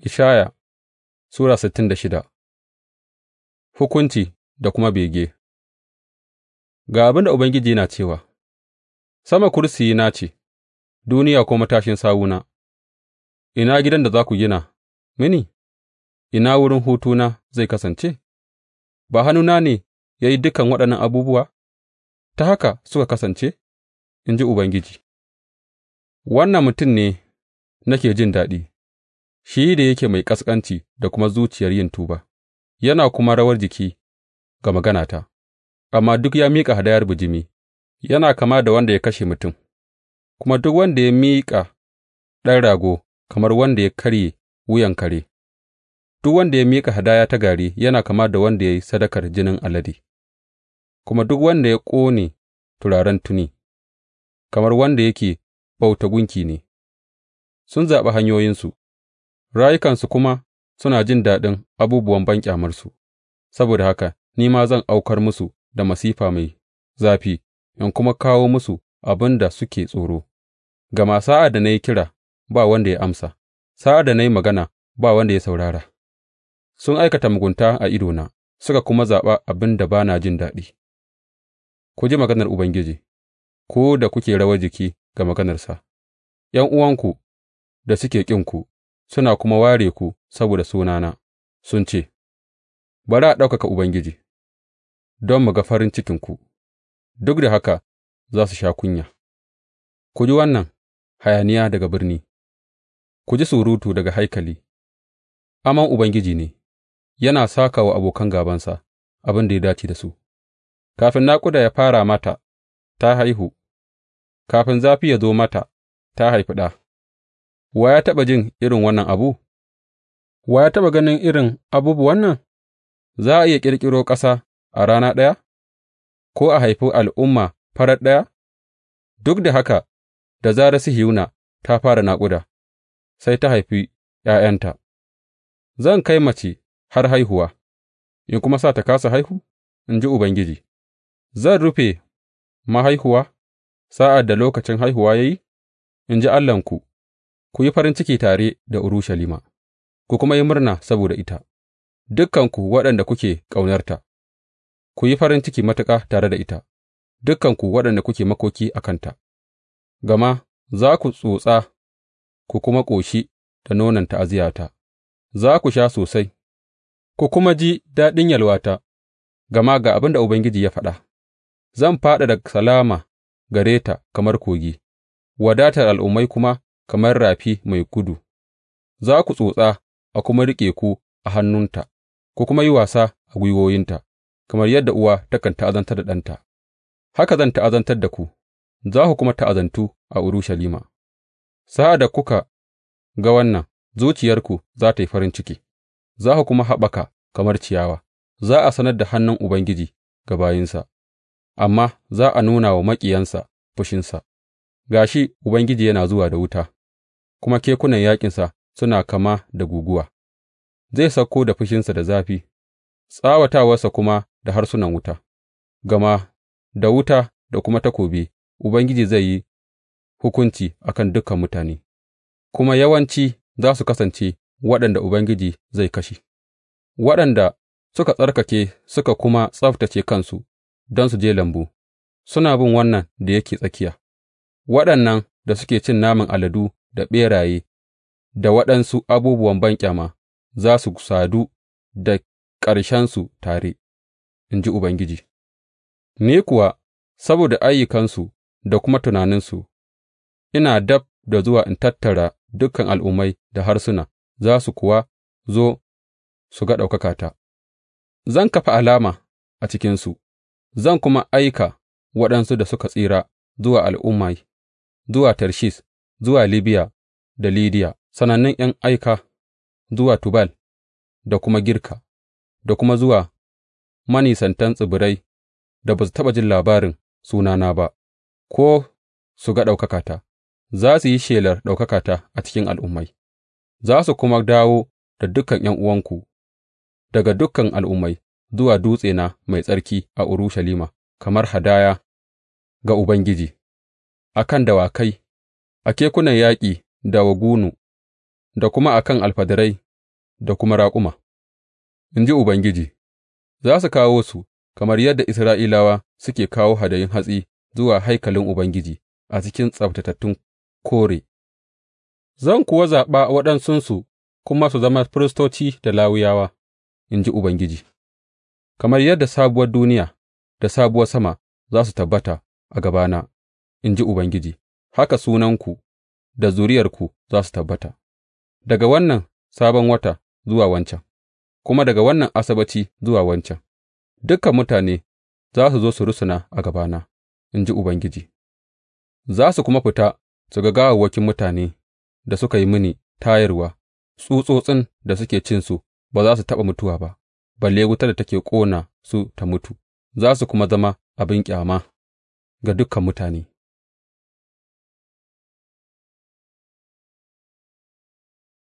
Ishaya Sura sittin da shida Hukunci da kuma bege Ga abin da Ubangiji yana cewa, Sama na ce, duniya ko matashin sawuna, ina gidan da za ku gina mini, ina wurin hutuna zai kasance, ba hannuna ne ya yi dukan waɗannan abubuwa, ta haka suka kasance, in ji Ubangiji, wannan mutum ne nake jin daɗi. shi da yake mai ƙasƙanci da kuma zuciyar yin tuba, yana kuma rawar jiki ga maganata, amma duk ya miƙa hadayar bijimi, yana kama da wanda ya kashe mutum, kuma duk wanda ya miƙa ɗan rago kamar wanda ya karye wuyan kare, duk wanda ya miƙa hadaya ta gari yana kama da wanda ya yi sadakar jinin alade, kuma duk wanda ya ƙone turaren tuni, kamar wanda yake bauta gunki ne, sun zaɓi hanyoyinsu. rayukansu kuma suna jin daɗin abubuwan banƙyamarsu; saboda haka ni ma zan aukar musu da masifa mai zafi in kuma kawo musu abin da suke tsoro, gama sa'ad da na yi kira ba wanda ya amsa, sa'ad da na yi magana ba wanda ya saurara, sun aikata mugunta a idona suka kuma zaɓa abin da ba na jin daɗi. Ku ji maganar Ubangiji, ku da kuke rawar jiki ga maganarsa, uwanku da suke ƙinku. suna kuma ware ku saboda sunana, sun ce, Bari a ɗaukaka Ubangiji, don mu ga farin cikinku, duk da haka za su sha kunya, ku ji wannan hayaniya daga birni, ku ji surutu daga haikali, aman Ubangiji ne, yana saka wa abokan gabansa abin da ya dace da su, kafin naƙuda ya fara mata, ta haihu, kafin zafi ya zo mata, ta haifi ɗa. Wa ya taɓa jin irin wannan abu, wa ya taɓa ganin irin abubuwan nan, za a iya ƙirƙiro ƙasa a rana ɗaya, ko a haifi al'umma farar ɗaya? Duk da haka, da zarar Sihiyona ta fara naƙuda, sai ta haifi ’ya'yanta, zan kai mace har haihuwa, in kuma sa ta kasa haihu, in ji Ubangiji, zan rufe mahaihuwa sa'ad da lokacin haihuwa ya yi, in ji Allahnku. ku yi farin ciki tare da Urushalima, ku kuma yi murna saboda ita, dukanku waɗanda kuke ƙaunarta, ku yi farin ciki matuƙa tare da ita, dukanku waɗanda kuke makoki a kanta, gama za ku tsotsa ku kuma ƙoshi da nonon ta'aziyyata, za ku sha sosai, ku kuma ji daɗin yalwata, gama ga abin da Ubangiji ya faɗa, zan faɗa fadada salama gare ta kamar kogi, wadatar al'ummai kuma kamar rafi mai gudu, za ku tsotsa a kuma riƙe ku a hannunta, ku kuma yi wasa a gwiwoyinta, kamar yadda uwa takan ta'azantar da ɗanta, haka zan ta'azantar da ku, za ku kuma ta'azantu a Urushalima. Sa'ad da kuka ga wannan, zuciyarku za ta yi farin ciki, za ku kuma haɓaka kamar ciyawa, za a sanar da hannun Ubangiji ga bayinsa, amma za a nuna wa maƙiyansa fushinsa, ga shi Ubangiji yana zuwa da wuta. kuma kekunan yaƙinsa suna kama da guguwa; zai sauko da fushinsa da zafi, tsawatawarsa kuma da harsunan wuta, gama da wuta da kuma takobi Ubangiji zai yi hukunci a kan dukan mutane, kuma yawanci za su kasance waɗanda Ubangiji zai kashe, waɗanda suka tsarkake suka kuma tsabtacce kansu don su je lambu, suna bin wannan da yake tsakiya, waɗannan da suke cin naman aladu da ɓeraye da waɗansu abubuwan banƙyama za su sadu da ƙarshensu tare, in ji Ubangiji, ni kuwa saboda ayyukansu da kuma tunaninsu, ina dab da zuwa in tattara dukan al'ummai da harsuna, za su kuwa zo su ga ɗaukakata; zan kafa alama a cikinsu, zan kuma aika waɗansu da suka tsira zuwa al'ummai, zuwa Tarshish. zuwa Libiya da Lidiya, sanannun ’yan aika zuwa Tubal da kuma Girka, da kuma zuwa manisantan tsibirai da ba su taɓa jin labarin sunana ba, ko su ga ɗaukakata, za su yi shelar ɗaukakata a cikin al'ummai, za su kuma dawo da dukan ’yan'uwanku daga dukan al'ummai zuwa dutsena mai tsarki a Urushalima kamar hadaya ga Ubangiji, a kan dawakai a kekunan yaƙi da wagunu da kuma a kan alfadarai da kuma raƙuma, in ji Ubangiji, za su kawo su kamar yadda Isra'ilawa suke kawo hadayun hatsi zuwa haikalin Ubangiji a cikin tsabtatattun kore, zan kuwa zaɓa waɗansunsu kuma su zama firistoci da lawuyawa. in ji Ubangiji, kamar yadda sabuwar duniya da sabuwar sama za su tabbata a gabana, in ji Ubangiji. haka sunanku da zuriyarku za su tabbata, daga wannan sabon wata zuwa wancan, kuma daga wannan Asabaci zuwa wancan, dukan mutane za su zo su rusuna a gabana, in ji Ubangiji, za su kuma fita su ga gawawwakin mutane da suka yi mini tayarwa, tsutsotsin da suke cinsu ba za su taɓa mutuwa ba, balle wutar da take ƙona su ta mutu, za su kuma zama abin ƙyama ga dukan mutane.